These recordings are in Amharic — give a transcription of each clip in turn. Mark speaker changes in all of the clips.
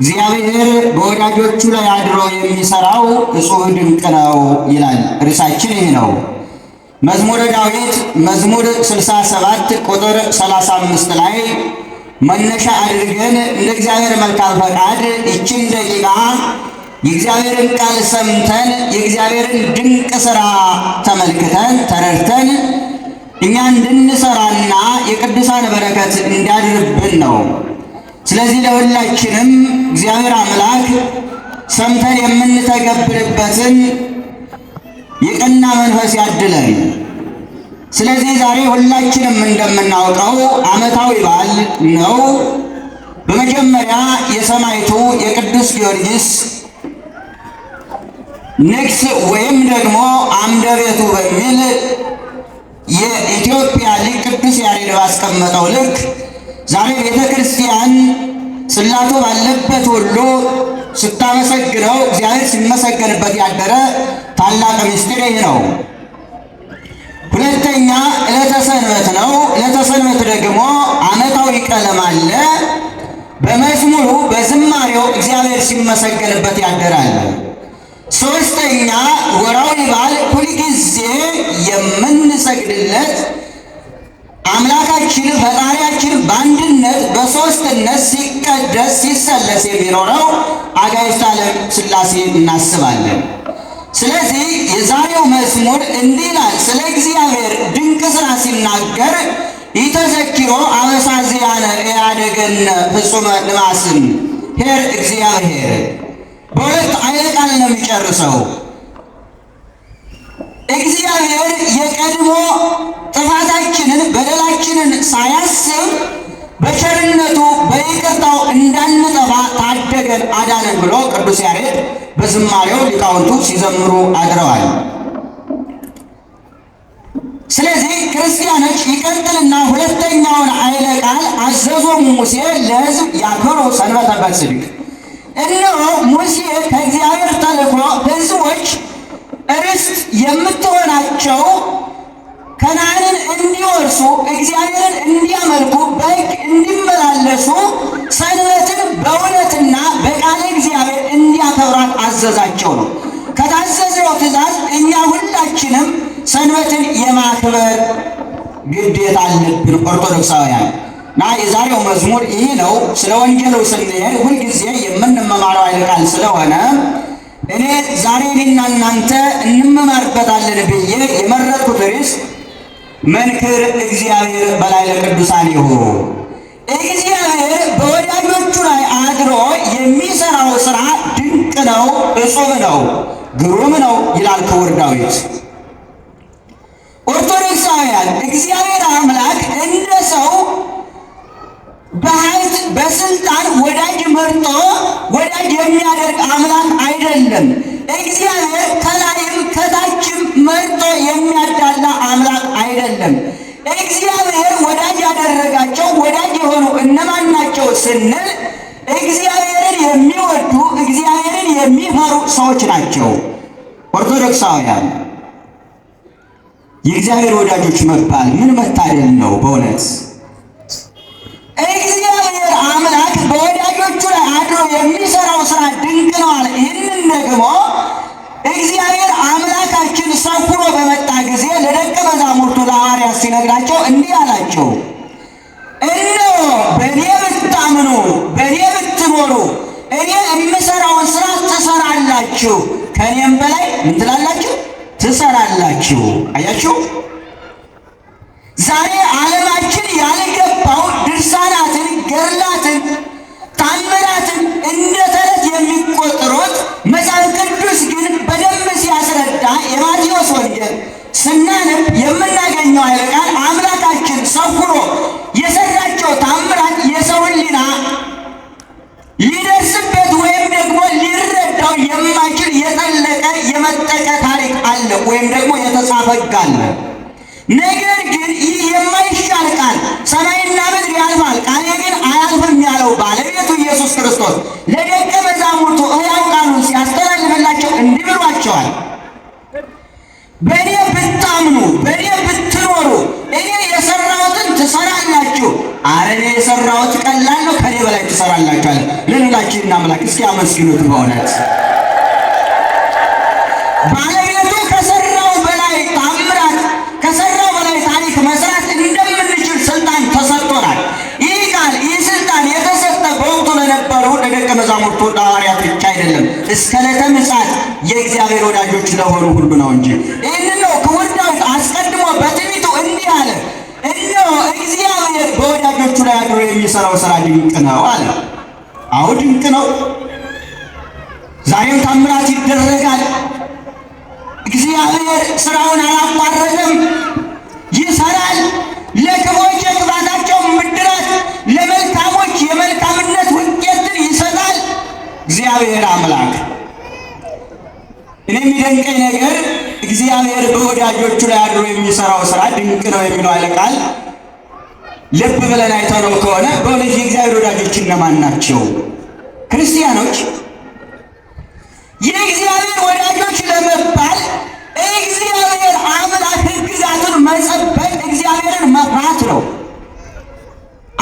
Speaker 1: እግዚአብሔር በወዳጆቹ ላይ አድሮ የሚሰራው እጹብ ድንቅ ነው ይላል። ርዕሳችን ይህ ነው። መዝሙረ ዳዊት መዝሙር 67 ቁጥር 35 ላይ መነሻ አድርገን እንደ እግዚአብሔር መልካም ፈቃድ ይችን ደቂቃ የእግዚአብሔርን ቃል ሰምተን የእግዚአብሔርን ድንቅ ሥራ ተመልክተን ተረድተን እኛ እንድንሰራና የቅዱሳን በረከት እንዲያድርብን ነው። ስለዚህ ለሁላችንም እግዚአብሔር አምላክ ሰምተን የምንተገብርበትን የቀና መንፈስ ያድለን። ስለዚህ ዛሬ ሁላችንም እንደምናውቀው ዓመታዊ በዓል ነው። በመጀመሪያ የሰማይቱ የቅዱስ ጊዮርጊስ ንግስ ወይም ደግሞ አምደ ቤቱ በሚል የኢትዮጵያ ሊቅ ቅዱስ ያሬድ ባስቀመጠው ልክ ዛሬ ቤተ ክርስቲያን ጽላቱ ባለበት ሁሉ ስታመሰግነው እግዚአብሔር ሲመሰገንበት ያደረ ታላቅ ምስጢር ይህ ነው። ሁለተኛ ዕለተ ሰንበት ነው። ዕለተ ሰንበት ደግሞ ዓመታዊ ቀለም አለ። በመዝሙሩ በዝማሬው እግዚአብሔር ሲመሰገንበት ያደራል። ሶስተኛ ወራዊ በዓል ሁልጊዜ የምንሰግድለት አምላካችን ፈጣሪያችን በአንድነት በሶስትነት ሲቀደስ ሲሰለስ የሚኖረው አጋዕዝተ ዓለም ሥላሴ እናስባለን። ስለዚህ የዛሬው መዝሙር እንዲህ ይላል። ስለ እግዚአብሔር ድንቅ ሥራ ሲናገር ይተዘኪሮ አበሳ ዚአነ ኢያደገነ ፍጹመ ልማስም ሄር እግዚአብሔር በሁለት አይነት ቃል ነው የሚጨርሰው እግዚአብሔር የቀድሞ ጥፋታችንን በደላችንን ሳያስብ በቸርነቱ በይቅርታው እንዳንጠፋ ታደገን አዳነን ብሎ ቅዱስ ያሬድ በዝማሬው ሊቃውንቱ ሲዘምሩ አድረዋል። ስለዚህ ክርስቲያኖች ይቀጥልና ሁለተኛውን ኃይለ ቃል አዘዞሙ ሙሴ ለሕዝብ ያክብሩ ሰንበተ በጽድቅ እነሆ ሙሴ ከእግዚአብሔር ተልኮ ሕዝቦች ርስት የምትሆናቸው ከነዓንን እንዲወርሱ እግዚአብሔርን እንዲያመልኩ በሕግ እንዲመላለሱ ሰንበትን በእውነትና በቃለ እግዚአብሔር እንዲያከብራት አዘዛቸው ነው። ከታዘዘው ትእዛዝ እኛ ሁላችንም ሰንበትን የማክበር ግዴታ አለብን ኦርቶዶክሳውያን ና የዛሬው መዝሙር ይህ ነው። ስለ ወንጌሉ ስንሄድ ሁልጊዜ የምንመማረው አይልቃል ስለሆነ እኔ ዛሬ እኔና እናንተ እንመማርበታለን ብዬ የመረጥኩት ርዕስ መንክር እግዚአብሔር በላይ ለቅዱሳን ይሁ። እግዚአብሔር በወዳጆቹ ላይ አድሮ የሚሰራው ስራ ድንቅ ነው፣ እጹብ ነው፣ ግሩም ነው ይላል ክቡር ዳዊት። ኦርቶዶክሳውያን እግዚአብሔር አምላክ እንደ ሰው በሀብት በስልጣን ወዳጅ መርጦ ወዳጅ የሚያደርግ አምላክ አይደለም። እግዚአብሔር ከላይም ከታችም መርጦ የሚያዳላ አምላክ አይደለም። እግዚአብሔር ወዳጅ ያደረጋቸው ወዳጅ የሆኑ እነማን ናቸው ስንል እግዚአብሔርን የሚወዱ እግዚአብሔርን የሚፈሩ ሰዎች ናቸው። ኦርቶዶክሳውያን የእግዚአብሔር ወዳጆች መባል ምን መታደል ነው በእውነት እግዚአብሔር አምላክ በወዳ በሴቶቹ ላይ አድሮ የሚሰራው ስራ ድንቅ ነው አለ። ይህንን ደግሞ እግዚአብሔር አምላካችን ሰኩሮ በመጣ ጊዜ ለደቀ መዛሙርቱ ለሐዋርያት ሲነግራቸው እንዲህ አላቸው፣ እነሆ በእኔ ብታምኑ፣ በእኔ ብትኖሩ እኔ የምሰራውን ስራ ትሰራላችሁ፣ ከእኔም በላይ ምን ትላላችሁ? ትሰራላችሁ። አያችሁ መጽሐፍ ቅዱስ ግን በደንብ ሲያስረዳ የማቴዎስ ወንጌል ስናነብ የምናገኘው ኃይለ ቃል አምላካችን ሰውሮ የሰራቸው ታምራት የሰው ሕሊና ሊደርስበት ወይም ደግሞ ሊረዳው የማይችል የጠለቀ የመጠቀ ታሪክ አለ ወይም ደግሞ የተጻፈ ሕግ አለ። ነገር ግን ይህ ሰማይ ሰማይና ምድር ያልፋል፣ ቃሌ ግን አያልፍም ያለው ባለቤቱ ኢየሱስ ክርስቶስ ለደቀ መዛሙርቱ ሕያው ቃሉን ሲያስተላልፍላቸው እንዲህ ብሏቸዋል። በእኔ ብታምኑ፣ በእኔ ብትኖሩ እኔ የሰራሁትን ትሰራላችሁ። አረ እኔ የሰራሁት ቀላል ነው፣ ከኔ በላይ ትሰራላችኋል ልንላችሁ እናምላክ። እስኪ አመስግኑት በእውነት መስራት እንደምንችል ስልጣን ተሰጥቶናል። ይህ ቃል ይህ ስልጣን የተሰጠ በወቅቱ ለነበሩ ለደቀ መዛሙርቱ ሐዋርያት ብቻ አይደለም፣ እስከ ዕለተ ምጽአት የእግዚአብሔር ወዳጆች ለሆኑ ሁሉ ነው እንጂ ይህን ነው ክቡር ዳዊት አስቀድሞ በትንቢቱ እንዲህ አለ፣ እነሆ እግዚአብሔር በወዳጆቹ ላይ አድሮ የሚሰራው ስራ ድንቅ ነው አለ። አዎ ድንቅ ነው። ዛሬም ታምራት ይደረጋል። እግዚአብሔር ስራውን አላቋረጠም። ይሰራል። ለክፎች የክፋታቸው ምድራት፣ ለመልካሞች የመልካምነት ውጤትን ይሰጣል እግዚአብሔር አምላክ። እኔ የሚደንቀኝ ነገር እግዚአብሔር በወዳጆቹ ላይ አድሮ የሚሰራው ስራ ድንቅ ነው የሚለው አለቃል ልብ ብለን አይተነው ከሆነ በእውነት የእግዚአብሔር ወዳጆች እነማን ናቸው? ክርስቲያኖች። የእግዚአብሔር ወዳጆች ለመባል እግዚአብሔር አምላክ መጸበይ እግዚአብሔርን መፍራት ነው።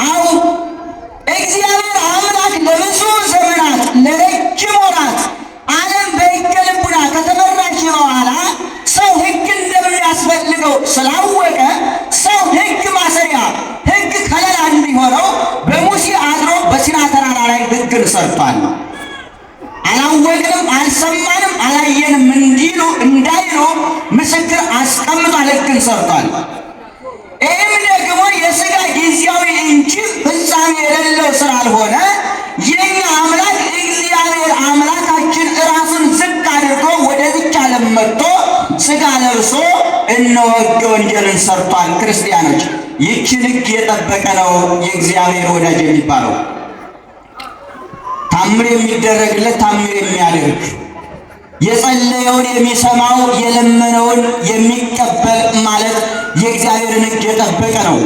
Speaker 1: አዎ እግዚአብሔር አምላክ ለብዙ ዘመናት ለረጅም ወራት ዓለም በሕገ ልቡና ከተመራች በኋላ ሰው ሕግ እንደሚያስፈልገው ስላወቀ ሰው ሕግ ማሰሪያ ሕግ ከለላ እንዲሆነው በሙሴ አድሮ በሲና ተራራ ላይ ሕግን ሰርቷል። አላወቅንም፣ አልሰማንም፣ አላየንም እንዳይሉ ምስክር አስቀምጧል፣ ሕግን ሰርቷል። ይህም ደግሞ የሥጋ ጊዜያዊ እንጂ ፍጻሜ የሌለው ስላልሆነ የኛ አምላክ እግዚአብሔር አምላካችን ራሱን ዝቅ አድርጎ ወደዚች ዓለም መጥቶ ሥጋ ለብሶ እነሆ ወንጀልን ሰርቷል። ክርስቲያኖች ይችን ሕግ የጠበቀ ነው የእግዚአብሔር ወዳጅ የሚባለው ታምር የሚደረግለት ታምር የሚያደርግ የጸለየውን የሚሰማው የለመነውን የሚቀበል ማለት የእግዚአብሔርን ሕግ የጠበቀ ነው።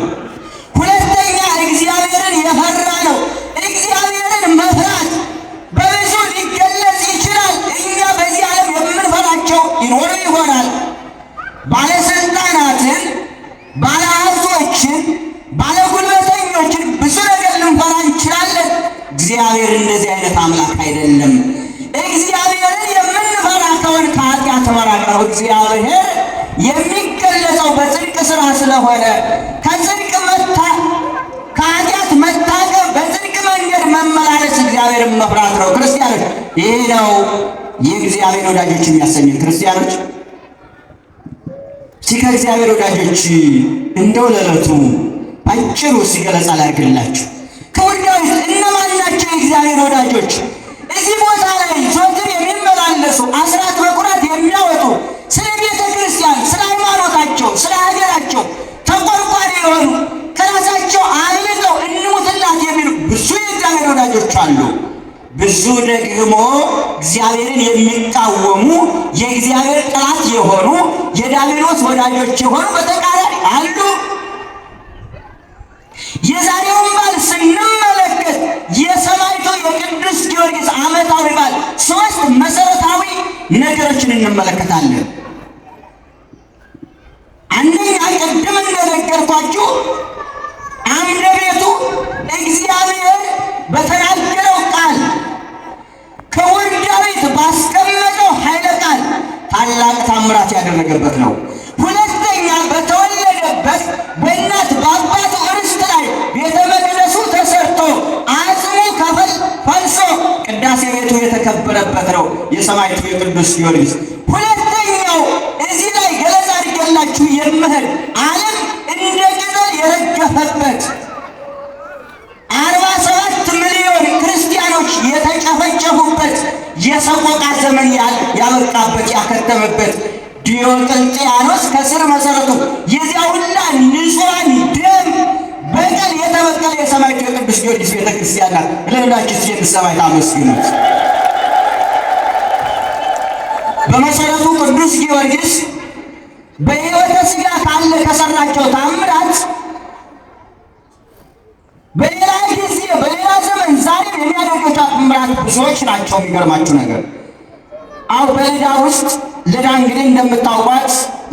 Speaker 1: ይህ ነው የእግዚአብሔር ወዳጆች የሚያሰኘን ክርስቲያኖች። እስቲ ከእግዚአብሔር ወዳጆች እንደው ለዕለቱ አጭሩ ሲገለጻ ላድርግላችሁ። ከወዳጆች እነማን ናቸው የእግዚአብሔር ወዳጆች? እዚህ ቦታ ላይ ሶትም የሚመላለሱ አስራት በኩራት የሚያወጡ ስለ ቤተ ክርስቲያን፣ ስለ ሃይማኖታቸው፣ ስለ ሀገራቸው ተቆርቋሪ የሆኑ ከራሳቸው አብልጠው እንሙትላት የሚሉ ብዙ የእግዚአብሔር ወዳጆች አሉ። ብዙ ደግሞ እግዚአብሔርን የሚቃወሙ የእግዚአብሔር ጠላት የሆኑ የዲያብሎስ ወዳጆች የሆኑ በተቃራኒ አሉ። የዛሬውን በዓል ስንመለከት የሰማይቶ የቅዱስ ጊዮርጊስ ዓመታዊ በዓል ሶስት መሰረታዊ ነገሮችን እንመለከታለን። ጊዮርጊስ። ሁለተኛው እዚህ ላይ ገለጻ አድርጌላችሁ የምህር ዓለም እንደ ቅጠል የረገፈበት አርባ ሰባት ሚሊዮን ክርስቲያኖች የተጨፈጨፉበት የሰቆቃ ዘመን ያበቃበት ያከተመበት ዲዮቅልጥያኖስ ከስር መሰረቱ የዚያ ሁላ ንጹሐን ደም በቀል የተበቀለ የሰማዕቱ የቅዱስ ጊዮርጊስ ቤተክርስቲያን ናት። ለሁላችን የምትሰማይ ታመስግኑት። በመሰረቱ ቅዱስ ጊዮርጊስ በሕይወተ ሥጋ ካለ ከሰራቸው ታምራት በሌላ ጊዜ በሌላ ዘመን ዛሬ የሚያደርገው ታምራት ብዙዎች ናቸው። የሚገርማችሁ ነገር አሁ በዕዳ ውስጥ ልዳ እንግዲህ እንደምታውቋት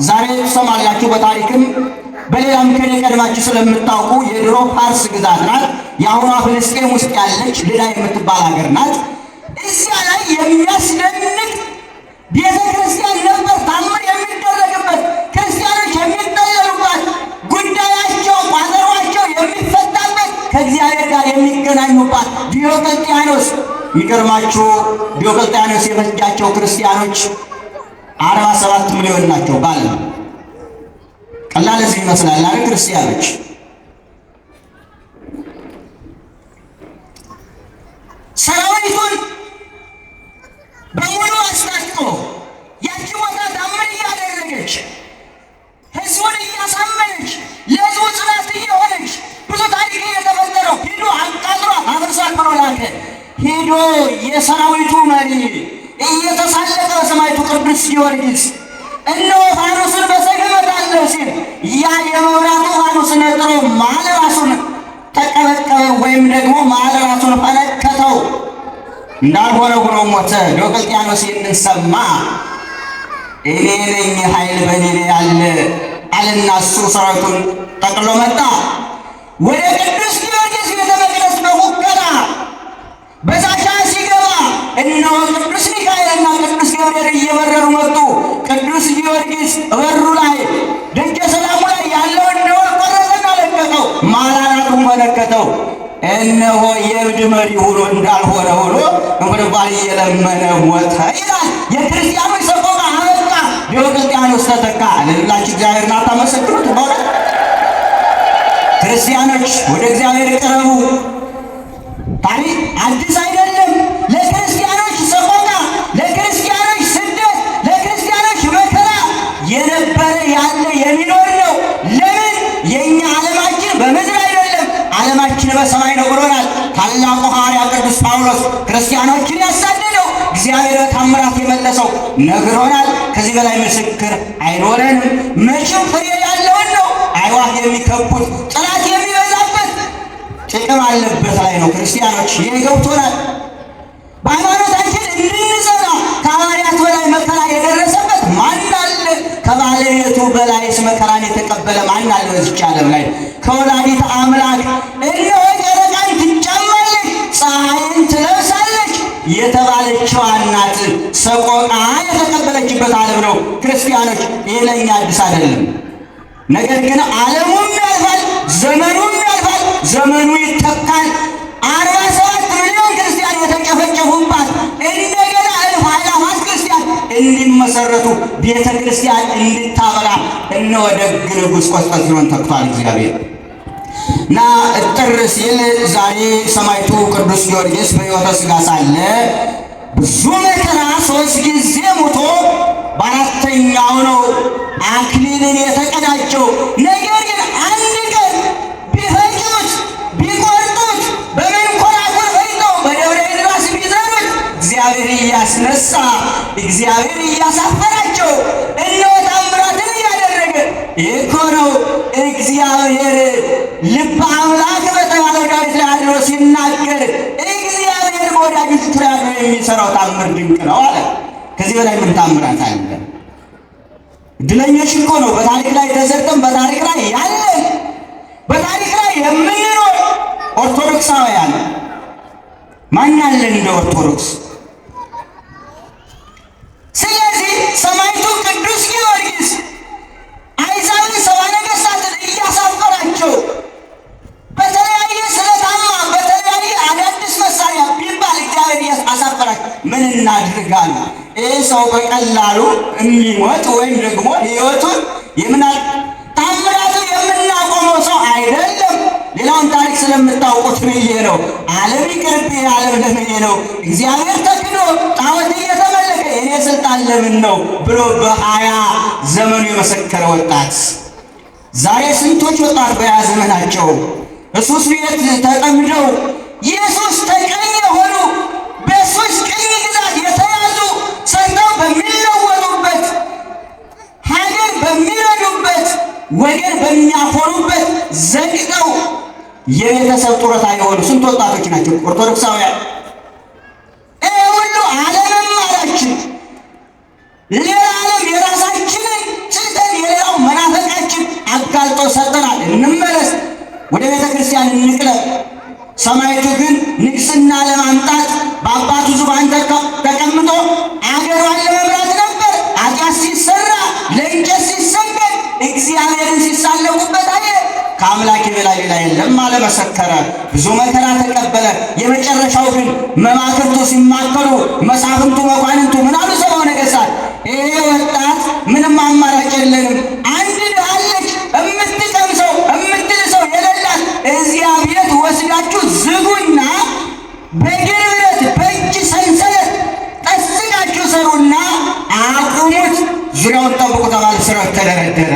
Speaker 1: ዛሬ ትሰማላችሁ። በታሪክም በሌላም ከኔ ቀድማችሁ ስለምታውቁ የድሮ ፋርስ ግዛት ናት። የአሁኗ ፍልስጤም ውስጥ ያለች ልዳ የምትባል ሀገር ናት። እዚያ ላይ የሚያስደንቅ ቤተ ክርስቲያን ነበር ታምር የሚደረግበት ክርስቲያኖች የሚጠለሉባት ጉዳያቸው ቋጠሯቸው የሚፈታበት ከእግዚአብሔር ጋር የሚገናኙባት ዲዮቅልጥያኖስ የሚገርማችሁ ዲዮቅልጥያኖስ የፈጃቸው ክርስቲያኖች አርባ ሰባት ሚሊዮን ናቸው። ባል ቀላል እዚህ ይመስላል አይደል? ክርስቲያኖች ሞተ። ዲዮቅልጥያኖስ ይህንን እኔ ነኝ ኃይል በኔ ያለ አለና እሱ ሰራዊቱን ጠቅሎ መጣ። ወደ ቅዱስ ጊዮርጊስ ቤተ መቅደስ በፉከራ በዛቻ ሲገባ እነሆ ቅዱስ ሚካኤልና ቅዱስ ገብርኤል እየበረሩ መጡ። ቅዱስ ጊዮርጊስ በሩ ላይ ደጀ ሰላሙ ላይ ያለውን ደወል ቆረጠና ለቀቀው። ማራራቱን መለከተው እነሆ የእብድ መሪ ሆኖ እንዳልሆነ ሆኖ ባል እየለመነ ሞተ ይላል። የክርስቲያኖች ሰቆቃ አበቃ፣ ቤተ ክርስቲያኖች ተተካ። ልላችሁ እግዚአብሔርን አታመሰግኑት? በእውነት ክርስቲያኖች ወደ እግዚአብሔር ቅረቡ። ታሪክ አዲስ አይ ነግሮናል። ከዚህ በላይ ምስክር አይኖረንም። መቼም ፍሬ ያለውን ነው አይዋህ የሚከቡት ጥላት የሚበዛበት ጥቅም አለበት ላይ ነው። ክርስቲያኖች ይህ ገብቶናል። በሃይማኖታችን እንድንጸና ከሐዋርያት በላይ መከራ የደረሰበት ማን አለ? ከባለቤቱ በላይስ መከራን የተቀበለ ማን አለ? በዚች ዓለም ላይ ከወላዲተ አምላክ እነሆ ጨረቃን ትጫማለች ፀሐይ የተባለችዋ እናት ሰቆቃ የተቀበለችበት ዓለም ነው። ክርስቲያኖች ይህ ለእኛ አዲስ አይደለም። ነገር ግን ዓለሙም ያልፋል፣ ዘመኑም ያልፋል፣ ዘመኑ ይተካል። አርባ ሰባት ሚሊዮን ክርስቲያን የተጨፈጨፉባት እንደገና እልፍ አእላፋት ክርስቲያን እንዲመሰረቱ ቤተ ክርስቲያን እንድታበላ እነወደግ ንጉሥ ቆስጠንጢኖን ተግቷል እግዚአብሔር እና እጥር ሲል ዛሬ ሰማዕቱ ቅዱስ ጊዮርጊስ በሕይወተ ሥጋ ሳለ ብዙ መከራ ሶስት ጊዜ ሙቶ በአራተኛው ነው አክሊልን የተቀዳጀው። ነገር ግን አንድ ቀን ቢፈጩት ቢቆርጡት፣ በመንኮራኩር ፈጭተው በደብረ ቢዘሩት እግዚአብሔር እያስነሳ እግዚአብሔር እያሳፈራቸው እነሆ ታምራትን እያደረገ ይህ እኮ ነው እግዚአብሔር ልበ አምላክ በተባለው ዳዊት ላይ አድሮ ሲናገር እግዚአብሔር በወዳጆቹ ላይ የሚሰራው ታምር ድንቅ ነው አለ። ከዚህ በላይ ምን ታምራት አለ? እድለኞች እኮ ነው። በታሪክ ላይ ተዘርተን በታሪክ ላይ ያለን በታሪክ ላይ የምንኖር ኦርቶዶክሳውያን ማን አለን እንደ ኦርቶዶክስ እግዚአብሔር ተክዶ ጣዖት እየተመለከ እኔ ስልጣን ለምን ነው ብሎ በሀያ ዘመኑ የመሰከረ ወጣት ዛሬ ስንቶች ወጣት በሀያ ዘመናቸው እሱስ ቤት ተጠምደው ኢየሱስ ተቀኝ የሆኑ በሱስ ቅኝ ግዛት የተያዙ ሰርተው በሚለወጡበት ሀገር በሚረዱበት ወገን በሚያፈሩበት ዘንቀው የቤተሰብ ጡረታ የሆኑ ስንት ወጣቶች ናቸው ኦርቶዶክሳውያን ዓለምም አላችን ሌላ ዓለም የራሳችንን ትተን የሌላው መናፈቃችን አጋልጦ ሰጠናል። እንመለስ፣ ወደ ቤተ ክርስቲያን እንቅረብ። ሰማይቱ ግን ንግስና ለማምጣት የለም አለ፣ መሰከረ፣ ብዙ መከራ ተቀበለ። የመጨረሻው ግን መማክርቱ ሲማከሩ መሳፍንቱ፣ መኳንንቱ ምናሉ ሰማው ነገሥታት ይሄ ወጣት ምንም አማራጭ የለንም፣ አንድ ድሃለች እምትቀምሰው እምትልሰው የሌላት እዚያ ቤት ወስዳችሁ ዝጉና በግርብረት በእጅ ሰንሰለት ጠስቃችሁ ሰሩና አቁሙት፣ ዙሪያውን ጠብቁ ተባለ። ስራት ተደረደረ።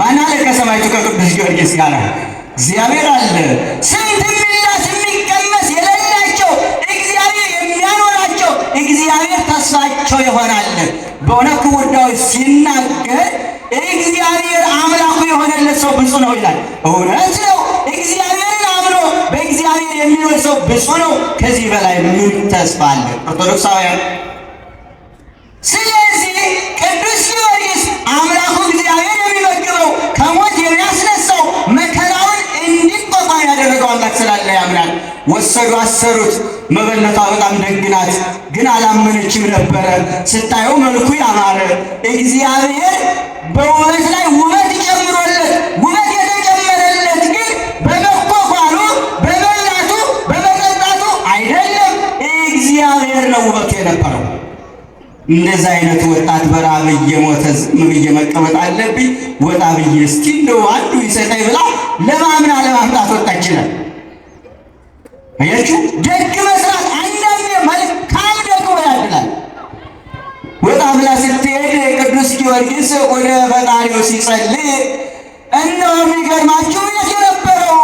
Speaker 1: ማን አለ ከሰማይቱ ከቅዱስ ጊዮርጊስ ጋር እግዚአብሔር አለ። ስንት ሚላስ የሚቀመስ የሌላቸው እግዚአብሔር የሚያኖራቸው እግዚአብሔር ተስፋቸው ይሆናል። በእውነት ክቡር ሲናገር እግዚአብሔር አምላኩ የሆነለት ሰው ብፁ ነው ይላል። እውነት ነው። እግዚአብሔርን አምኖ በእግዚአብሔር የሚኖር ሰው ብፁ ነው። ከዚህ በላይ ምን ተስፋ አለ? ኦርቶዶክሳውያን አምላክ ስላለ ያምናል። ወሰዱ፣ አሰሩት። መበለቷ በጣም ደግ ናት፣ ግን አላመነችም ነበረ። ስታየው መልኩ ያማረ እግዚአብሔር በውበት ላይ ውበት ጨምሮለት ውበት የተጨመረለት ግን በመኳኳሉ በመላቱ በመጠጣቱ አይደለም፣ እግዚአብሔር ነው ውበቱ የነበረው። እንደዚህ አይነት ወጣት በረሃብ እየሞተ ዝም ብዬ መቀመጥ አለብኝ፣ ወጣ ብዬ እስኪ እንደው አንዱ ይሰጠኝ ብላ ለማምና ለማምጣት ወጣችናል። አያችሁ፣ ደግ መስራት አንዳንዴ መልካም ደግሞ ያድናል። ወጣ ብላ ስትሄድ ቅዱስ ጊዮርጊስ ወደ ፈጣሪው ሲጸልይ እነሆ የሚገርማችሁ ቤት የነበረው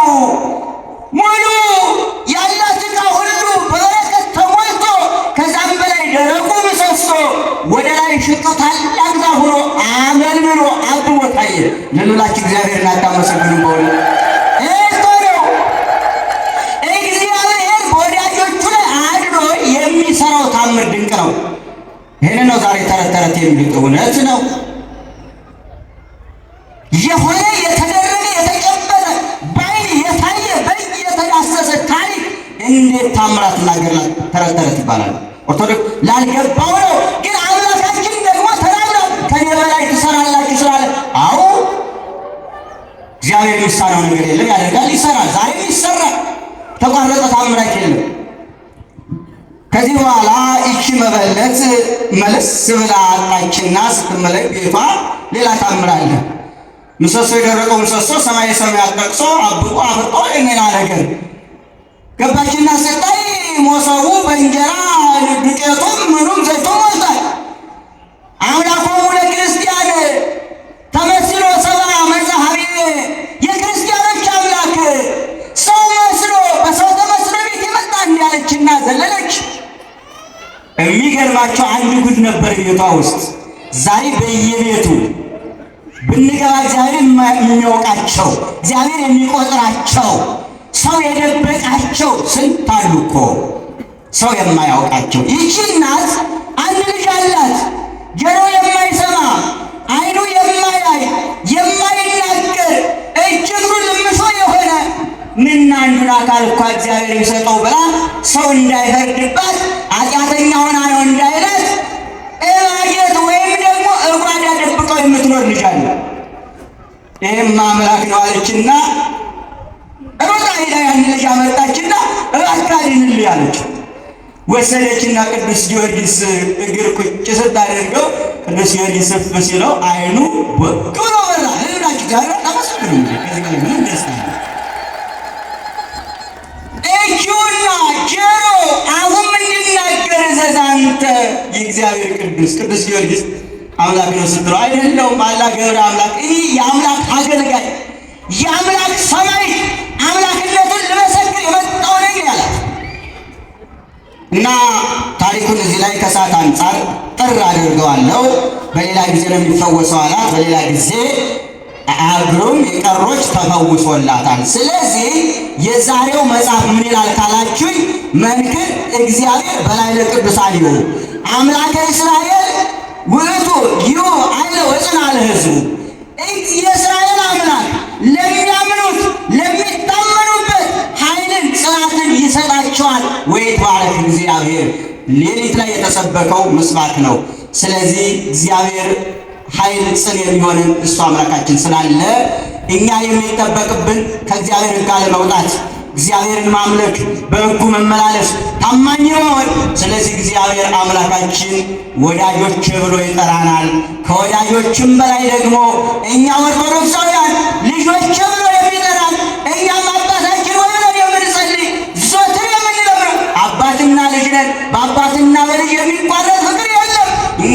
Speaker 1: ሙሉ ያላት ዕቃ ሁሉ በበረከት ተሞልቶ ከዛም በላይ ደረቁ ምሰሶ ወደ ላይ ሽቶ ታላቅ ዛፍ ሆኖ አመልምሎ አብቦ ታየ። ልሉላችሁ እግዚአብሔር እናታመሰግኑ በሆነ ተአምር ድንቅ ነው። ይህን ነው ዛሬ ተረት ተረት የሚሉት እውነት ነው። የሆነ የተደረገ የተጨበጠ በዓይን የታየ በእጅ የተዳሰሰ ታሪክ እንዴት ታምራት ገድላት ተረት ተረት ይባላል? ኦርቶዶክስ ላልገባው ነው። ግን አምላካችን ደግሞ ተናግሯል። ከኔ በላይ ትሰራላችሁ ስላለ አዎ እግዚአብሔር የሚሳነው ነገር የለም። ያደርጋል፣ ይሰራል። ዛሬም ይሰራል። ተቋረጠ ታምራት የለም። ከዚህ በኋላ ይቺ መበለት መለስ ብላ አጣችና ስትመለክ ቤቷ ሌላ ታምራለ። ምሰሶ የደረቀው ምሰሶ ሰማይ ሰማያት ጠቅሶ አብቆ አፍርጦ የኔና ነገር ገባችና ስታይ ሞሰቡ በእንጀራ ዱቄቱም ምኑም ዘይቶ ሞልቷል። አምላኮሙ ለክርስቲያን ተመስሎ ሰባ መዛሀሪ የክርስቲያኖች አምላክ ሰው መስሎ በሰው ተመስሎ ቤት የመጣ ያለችና ዘለለች። የሚገርማቸው አንድ ጉድ ነበር ቤቷ ውስጥ። ዛሬ በየቤቱ ብንገባ እግዚአብሔር የሚያውቃቸው እግዚአብሔር የሚቆጥራቸው ሰው የደበቃቸው ስንት አሉ እኮ ሰው የማያውቃቸው። ይቺ እናት አንድ ልጅ አላት፣ ጆሮ የማይሰማ አይኑ የማያይ የማይናገር እጅ አንዱን አካል እኳ እግዚአብሔር ይሰጠው ብላ ሰው እንዳይፈርድባት አጢአተኛ ሆና ነው እንዳይለት እባየት ወይም ደግሞ እጓዳ ደብቀው የምትኖር ልጃለ ይህም አምላክ ነው አለችና ሮጣ ሄዳ ያን ልጅ አመጣችና እባካድንል አለች። ወሰደችና ቅዱስ ጊዮርጊስ እግር ቁጭ ስታደርገው ቅዱስ ጊዮርጊስ ስፍ ሲለው አይኑ ብሎ በራ ህብራች ጋር ተመስሉ ምንም ደስታ ጆሮ አሁን እንድናገር ዘዛንተ የእግዚአብሔር ቅዱስ ቅዱስ ጊዮርጊስ አምላክ ነው ስትለው አይደለውም። አላ ገብረ አምላክ እኔ የአምላክ አገልጋይ የአምላክ ሰማይ አምላክነቱን ልመሰክር የመጣው ነኝ ያላት እና ታሪኩን እዚህ ላይ ከሰዓት አንጻር ጥር አድርገዋለሁ። በሌላ ጊዜ ነው የሚፈወሰው አላት። በሌላ ጊዜ እግሩም የቀሮች ተፈውሶላታል። ስለዚህ የዛሬው መጽሐፍ ምን ይላል ካላችሁኝ፣ መንክር እግዚአብሔር በላይ ለቅዱሳን ይሁ አምላከ እስራኤል ውእቱ ይሁ አለ ወፅና ለህዝቡ የእስራኤል አምላክ ለሚያምኑት ለሚታመኑበት ኃይልን ጽናትን ይሰጣቸዋል። ወይ ባረክ እግዚአብሔር ሌሊት ላይ የተሰበከው ምስባክ ነው። ስለዚህ እግዚአብሔር ኃይል ጽን የሚሆን እሱ አምላካችን ስላለ እኛ የሚጠበቅብን ከእግዚአብሔር ቃል መውጣት፣ እግዚአብሔርን ማምለክ፣ በሕጉ መመላለስ፣ ታማኝ መሆን። ስለዚህ እግዚአብሔር አምላካችን ወዳጆች ብሎ ይጠራናል። ከወዳጆችም በላይ ደግሞ እኛ ኦርቶዶክሳውያን ልጆች ብሎ የሚጠራል። እኛ አባታችን ወይ ነው የምንጸልይ፣ ዞትር የምንለምነው አባትና ልጅ ነን። በአባትና በልጅ የሚቋረጥ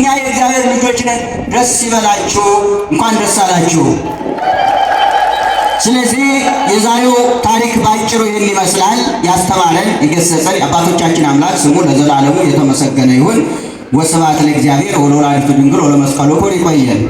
Speaker 1: እኛ የእግዚአብሔር ልጆች ነን። ደስ ይበላችሁ፣ እንኳን ደስ አላችሁ። ስለዚህ የዛሬው ታሪክ ባጭሩ ይህን ይመስላል። ያስተማረን የገሰጸን የአባቶቻችን አምላክ ስሙ ለዘላለሙ የተመሰገነ ይሁን። ወስብሐት ለእግዚአብሔር ወለወላዲቱ ድንግል ወለመስቀሉ ክቡር። ይቆየን።